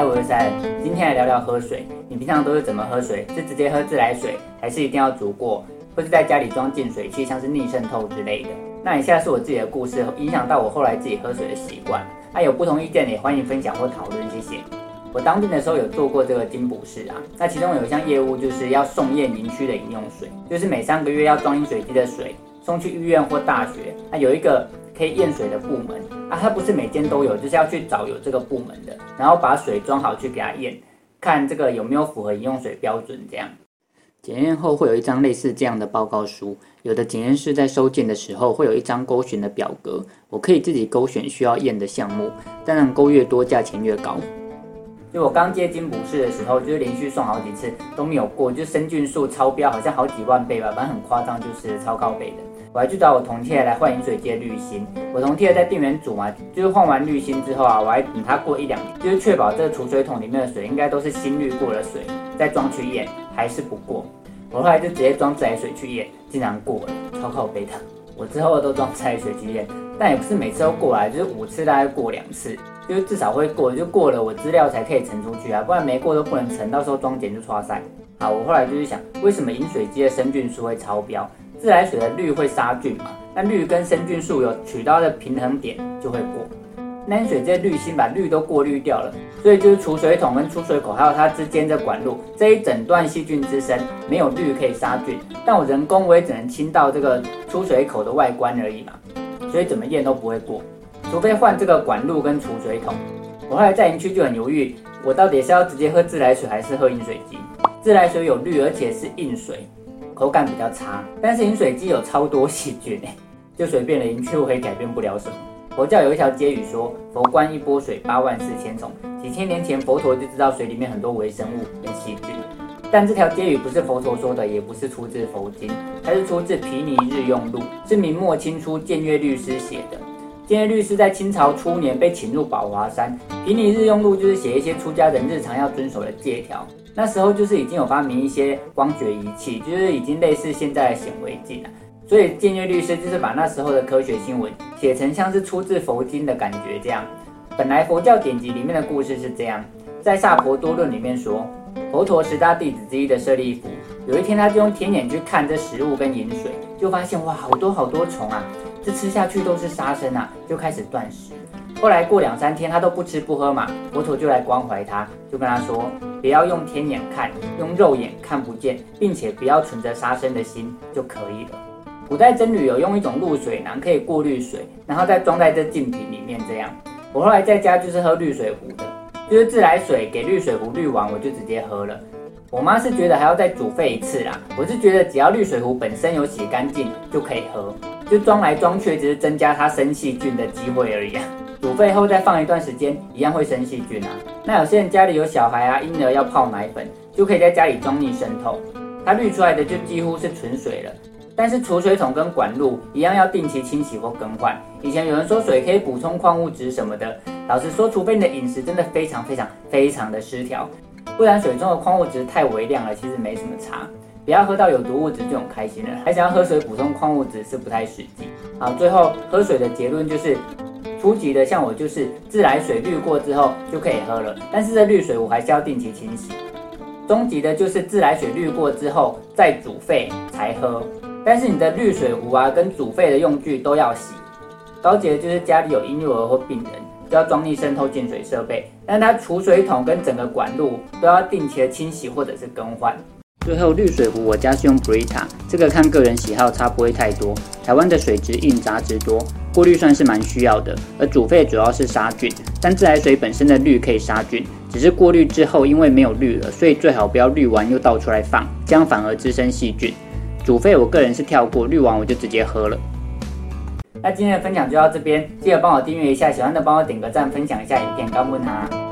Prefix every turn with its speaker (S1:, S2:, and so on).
S1: 嗨、啊，我是 Sam。今天來聊聊喝水。你平常都是怎麼喝水？是直接喝自來水，還是一定要煮過，或是在家裡裝淨水器，像是逆滲透之類的？那以下是我自己的故事，影響到我後來自己喝水的習慣。那有不同意見也歡迎分享或討論。謝謝。我當兵的時候有做過這個給補士啊。那其中有一項業務就是要送驗營區的飲用水，就是每三個月要裝飲水機的水送去醫院或大學。那有一個可以驗水的部門。啊，它不是每間都有，就是要去找有這個部門的，然後把水裝好去給它驗，看這個有沒有符合飲用水標準這樣。檢驗後會有一張類似這樣的報告書，有的檢驗室在收件的時候會有一張勾選的表格，我可以自己勾選需要驗的項目，當然勾越多價錢越高。因為我剛接金普士的時候，就是連續送好幾次都沒有過，就是生菌數超標，好像好幾萬倍吧，反正很誇張，就是超高倍的。我還去找我同事來換飲水機濾芯，我同事在電源組嘛、啊，就是換完濾芯之後啊，我還等他過一兩天，就是確保這個儲水桶裡面的水應該都是新濾過的水，再裝去驗還是不過。我後來就直接裝自來水去驗，竟然過了，超靠北的。我之後都裝自來水去驗，但也不是每次都過，來就是五次大概過兩次。就是、至少會過，就過了，我資料才可以呈出去啊，不然沒過都不能呈，到時候裝檢就出塞。好，我後來就是想，為什麼飲水機的生菌數會超標？自來水的氯會殺菌嘛？那氯跟生菌數有取到的平衡點，就會過。飲水機的濾芯把氯都過濾掉了，所以就是儲水桶跟出水口還有它之間的管路這一整段細菌滋生沒有氯可以殺菌。但我人工我也只能清到這個出水口的外觀而已嘛，所以怎麼驗都不會過。除非換這個管路跟儲水桶，我後來在營區就很猶豫，我到底是要直接喝自來水還是喝飲水機？自來水有氯，而且是硬水，口感比較差。但是飲水機有超多細菌，欸，就隨便的營區我也改變不了什麼。佛教有一條偈語說：“佛觀一缽水，八萬四千蟲。”幾千年前佛陀就知道水裡面很多微生物跟細菌，但這條偈語不是佛陀說的，也不是出自佛經，它是出自毗尼日用錄，是明末清初見月律師寫的。見月律師在清朝初年被請入寶華山，《毗尼日用錄》就是寫一些出家人日常要遵守的戒條。那時候就是已經有發明一些光學儀器，就是已經類似現在的顯微鏡了。所以見月律師就是把那時候的科學新聞寫成像是出自佛經的感覺這樣。本來佛教典籍裡面的故事是這樣，在《薩婆多論》裡面說，佛陀十大弟子之一的舍利弗，有一天他就用天眼去看這食物跟飲水，就發現哇，好多好多蟲啊！這吃下去都是殺生啊，就開始斷食。後來過兩三天，他都不吃不喝嘛，佛陀就來關懷他，就跟他說，不要用天眼看，用肉眼看不見，並且不要存着殺生的心就可以了。古代僧侶有用一種濾水囊可以過濾水，然後再裝在這淨瓶裡面這樣。我後來在家就是喝濾水壺的，就是自來水給濾水壺濾完，我就直接喝了。我媽是覺得還要再煮沸一次啦，我是覺得只要濾水壺本身有洗乾淨就可以喝。就裝來裝去，只是增加它生細菌的機會而已啊！煮沸後再放一段時間，一樣會生細菌啊！那有些人家裡有小孩啊，嬰兒要泡奶粉，就可以在家裡裝逆滲透，它濾出來的就幾乎是純水了。但是儲水桶跟管路一樣，要定期清洗或更換。以前有人說水可以補充礦物質什麼的，老實說，除非你的飲食真的非常非常非常的失調，不然水中的礦物質太微量了，其實沒什麼差。不要喝到有毒物質就很開心了，還想要喝水補充礦物質是不太實際啊。好，最後喝水的結論就是，初級的像我就是自來水濾過之後就可以喝了，但是這濾水壺還是要定期清洗。中級的就是自來水濾過之後再煮沸才喝，但是你的濾水壺啊跟煮沸的用具都要洗。高級的就是家裡有嬰幼兒或病人，就要裝逆滲透淨水設備，但它儲水桶跟整個管路都要定期的清洗或者是更換。最後，濾水壺我家是用 Brita，這個看個人喜好，差不會太多。台灣的水質硬雜質多，過濾算是蠻需要的。而煮沸主要是殺菌，但自來水本身的氯可以殺菌，只是過濾之後因為沒有氯了，所以最好不要濾完又倒出來放，這樣反而滋生細菌。煮沸我個人是跳過，濾完我就直接喝了。那今天的分享就到這邊，記得幫我訂閱一下，喜歡的幫我點個讚，分享一下影片，一點甘溫哈。